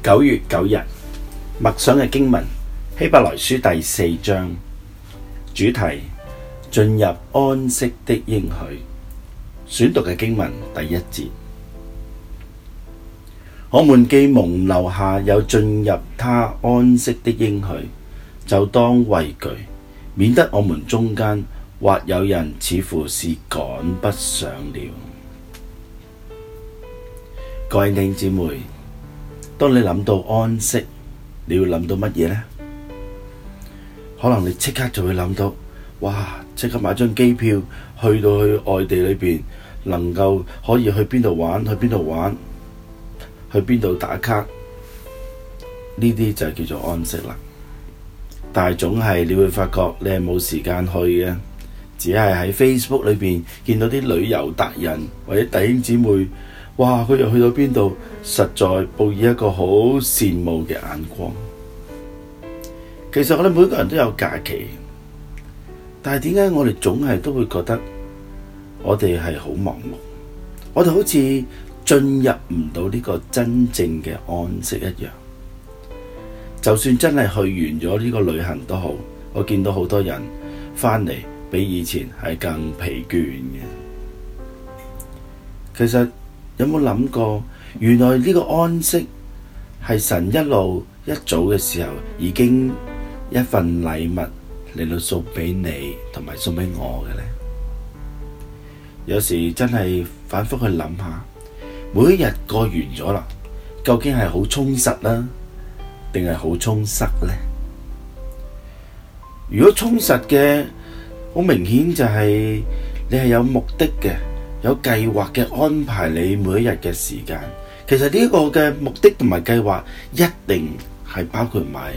九月九日默想嘅經文，希伯來書第四章，主題，進入安息的應許。選讀嘅經文，第一節，我們既蒙留下，有進入他安息的應許，就當畏懼，免得我們中間或有人似乎是趕不上了。各位弟兄姊妹。當你諗到安息，你要諗到乜嘢呢？可能你即刻就會諗到，哇！即刻買張機票去到去外地裏邊，能夠可以去邊度玩，去邊度玩，去邊度打卡，呢啲就叫做安息啦。但係總係你會發覺你係冇時間去嘅，只係喺 Facebook 裏邊見到啲旅遊達人或者弟兄姊妹。哇！佢又去到邊度？實在報以一個好羨慕嘅眼光。其實我哋每個人都有假期，但係點解我哋總係都會覺得我哋係好忙碌？我哋好似進入唔到呢個真正嘅安息一樣。就算真係去完咗呢個旅行都好，我見到好多人翻嚟比以前係更疲倦嘅。其實。有冇諗過，原來呢個安息係神一路一早嘅時候已經一份禮物嚟到送俾你，同埋送俾我嘅呢？有時真係反覆去諗下，每一日過完咗啦，究竟係好充實啦，定係好充實呢？如果充實嘅，好明顯就係你係有目的嘅。有計劃嘅安排，你每一日嘅時間，其實呢個嘅目的同埋計劃一定係包括埋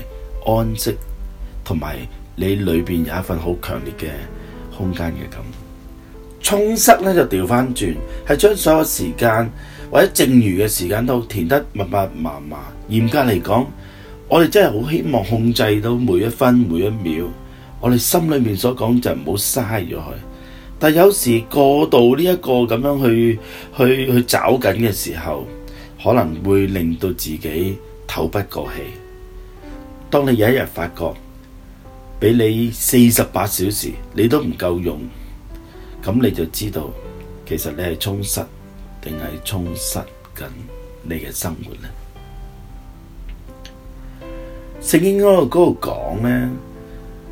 安息，同埋你裏邊有一份好強烈嘅空間嘅。噉充塞咧就調翻轉，係將所有時間或者剩餘嘅時間都填得密密麻麻。嚴格嚟講，我哋真係好希望控制到每一分每一秒，我哋心裏面所講就唔好嘥咗佢。但有時過度呢、這、一個咁樣去去去找緊嘅時候，可能會令到自己透不過氣。當你有一日發覺俾你四十八小時，你都唔夠用，咁你就知道其實你係充實定係充實緊你嘅生活呢？聖經嗰度度講呢，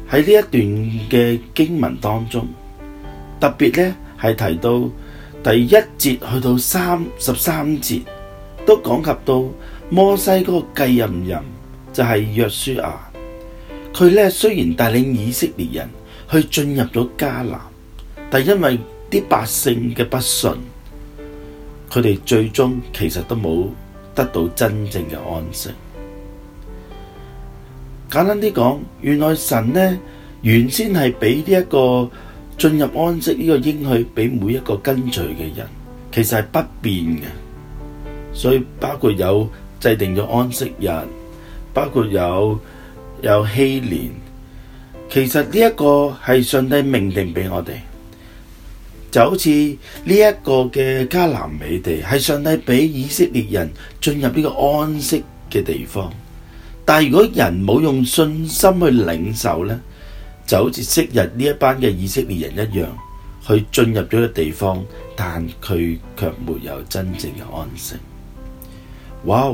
喺呢一段嘅經文當中。特別咧，係提到第一節去到三十三節，都講及到摩西嗰個繼任人，人就係、是、約書亞。佢咧，雖然帶領以色列人去進入咗迦南，但因為啲百姓嘅不信，佢哋最終其實都冇得到真正嘅安息。簡單啲講，原來神呢，原先係俾呢一個。進入安息呢個應許俾每一個跟隨嘅人，其實係不變嘅。所以包括有制定咗安息日，包括有有禧年。其實呢一個係上帝命定俾我哋，就好似呢一個嘅迦南美地係上帝俾以色列人進入呢個安息嘅地方。但係如果人冇用信心去領受呢？就好似昔日呢一班嘅以色列人一樣，去進入咗個地方，但佢卻沒有真正嘅安息。哇！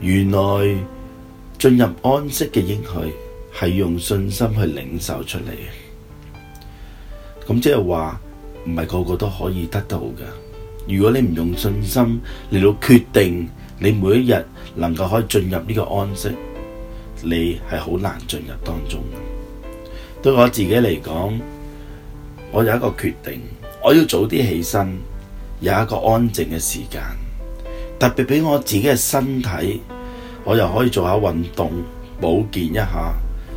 原來進入安息嘅應許係用信心去領受出嚟嘅。咁即係話唔係個個都可以得到嘅。如果你唔用信心嚟到決定你每一日能夠可以進入呢個安息，你係好難進入當中。對我自己嚟講，我有一個決定，我要早啲起身，有一個安靜嘅時間，特別俾我自己嘅身體，我又可以做下運動，保健一下，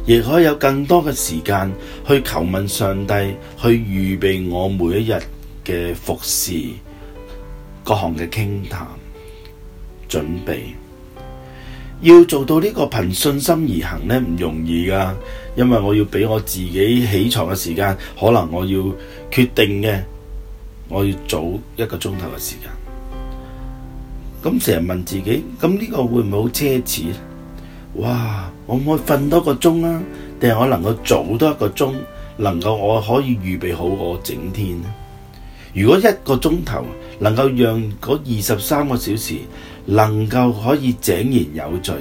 亦可以有更多嘅時間去求問上帝，去預備我每一日嘅服侍，各項嘅傾談準備，要做到呢個憑信心而行，呢唔容易噶。因為我要俾我自己起牀嘅時間，可能我要決定嘅，我要早一個鐘頭嘅時間。咁成日問自己，咁呢個會唔會好奢侈咧？哇！我可以瞓多個鐘啊？定係我能夠早多一個鐘，能夠我可以預備好我整天咧？如果一個鐘頭能夠讓嗰二十三個小時能夠可以井然有序，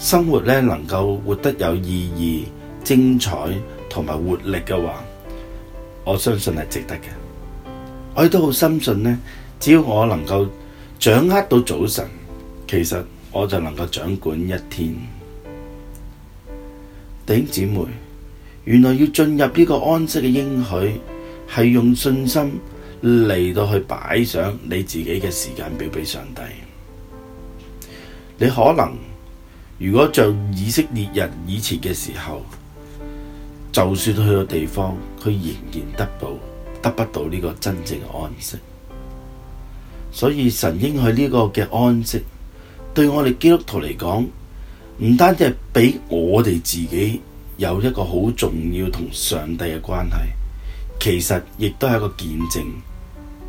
生活咧能夠活得有意義。精彩同埋活力嘅話，我相信係值得嘅。我亦都好深信咧，只要我能夠掌握到早晨，其實我就能夠掌管一天。弟兄姊妹，原來要進入呢個安息嘅應許，係用信心嚟到去擺上你自己嘅時間表俾上帝。你可能如果像以色列人以前嘅時候。就算去到地方，佢仍然得到得不到呢個真正嘅安息。所以神應許呢個嘅安息，對我哋基督徒嚟講，唔單止係俾我哋自己有一個好重要同上帝嘅關係，其實亦都係一個見證，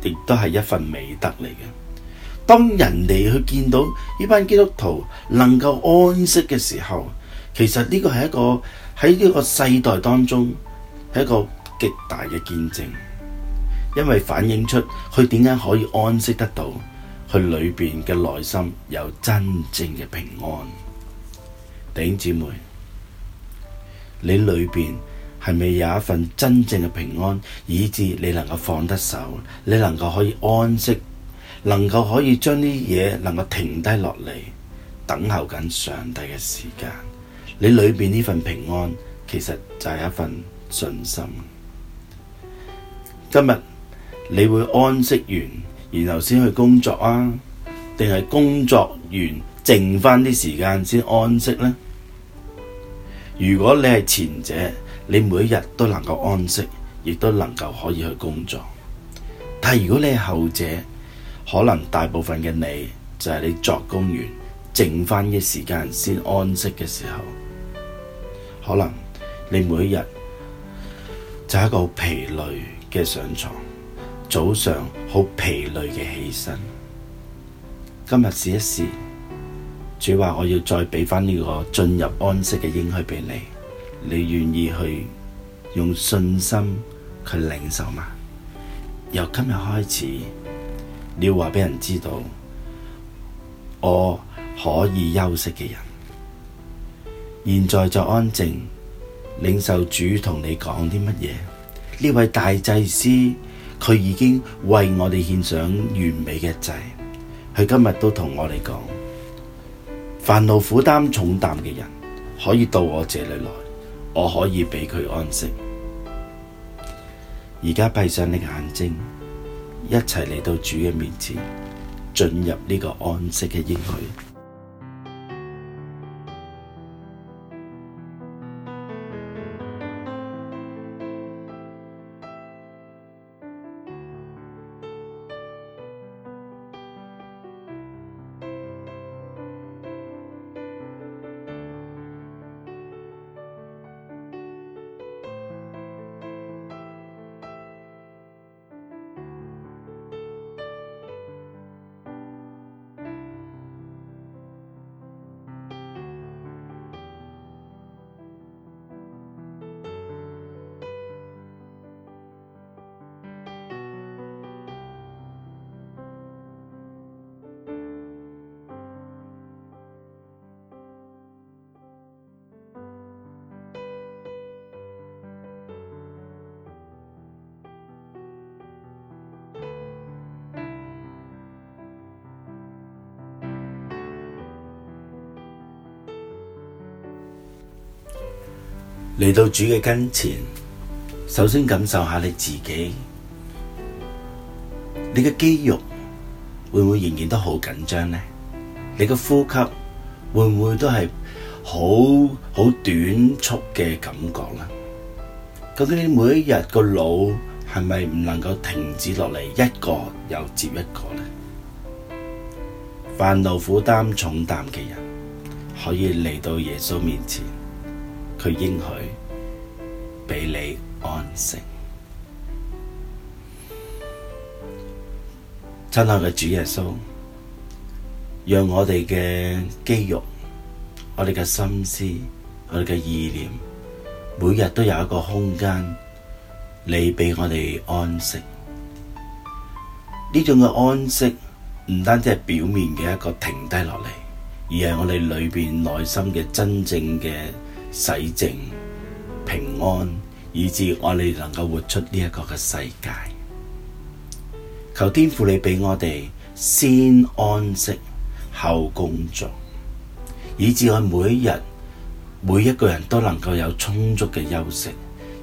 亦都係一份美德嚟嘅。當人哋去見到呢班基督徒能夠安息嘅時候，其實呢個係一個。喺呢個世代當中，係一個極大嘅見證，因為反映出佢點解可以安息得到，佢裏邊嘅內心有真正嘅平安。弟兄姊妹，你裏邊係咪有一份真正嘅平安，以致你能夠放得手，你能夠可以安息，能夠可以將啲嘢能夠停低落嚟，等候緊上帝嘅時間。你裏邊呢份平安，其實就係一份信心。今日你會安息完，然後先去工作啊？定係工作完，剩翻啲時間先安息呢？如果你係前者，你每一日都能夠安息，亦都能夠可以去工作。但如果你係後者，可能大部分嘅你，就係、係、你作工完，剩翻啲時間先安息嘅時候。可能你每日就係一個疲累嘅上床，早上好疲累嘅起身。今日試一試，主話我要再俾翻呢個進入安息嘅應許俾你，你願意去用信心去領受嗎？由今日開始，你要話俾人知道，我可以休息嘅人。現在就安靜，領受主同你講啲乜嘢？呢位大祭司，佢已經為我哋獻上完美嘅祭，佢今日都同我哋講，煩惱、負擔、重擔嘅人，可以到我這裡來，我可以畀佢安息。而家閉上你嘅眼睛，一齊嚟到主嘅面前，進入呢個安息嘅應許。嚟到主嘅跟前，首先感受下你自己，你嘅肌肉會唔會仍然都好緊張咧？你嘅呼吸會唔會都係好好短促嘅感覺咧？究竟你每一日個腦係咪唔能夠停止落嚟一個又接一個咧？煩惱、負擔、重擔嘅人可以嚟到耶穌面前。佢應許俾你安息，親愛嘅主耶穌，讓我哋嘅肌肉、我哋嘅心思、我哋嘅意念，每日都有一個空間，你俾我哋安息。呢種嘅安息唔單止係表面嘅一個停低落嚟，而係我哋裏邊內心嘅真正嘅。洗淨，平安，以致我哋能夠活出呢一個嘅世界。求天父，你俾我哋先安息後工作，以致我每一日，每一個人都能夠有充足嘅休息，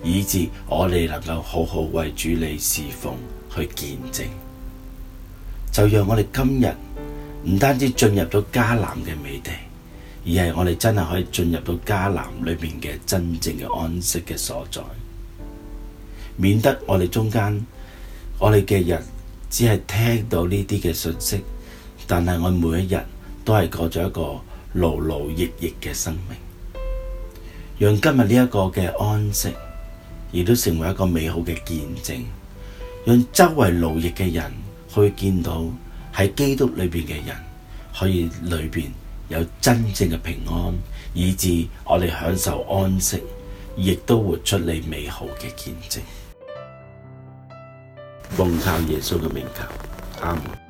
以致我哋能夠好好為主理侍奉去見證。就讓我哋今日唔單止進入咗迦南嘅美地。而係我哋真係可以進入到迦南裏面嘅真正嘅安息嘅所在，免得我哋中間，我哋嘅人只係聽到呢啲嘅訊息，但係我每一日都係過咗一個勞勞役役嘅生命，讓今日呢一個嘅安息，亦都成為一個美好嘅見證，讓周圍勞役嘅人可以見到喺基督裏邊嘅人可以裏邊。有真正嘅平安，以致我哋享受安息，亦都活出你美好嘅見證。奉靠耶穌嘅名求，阿門。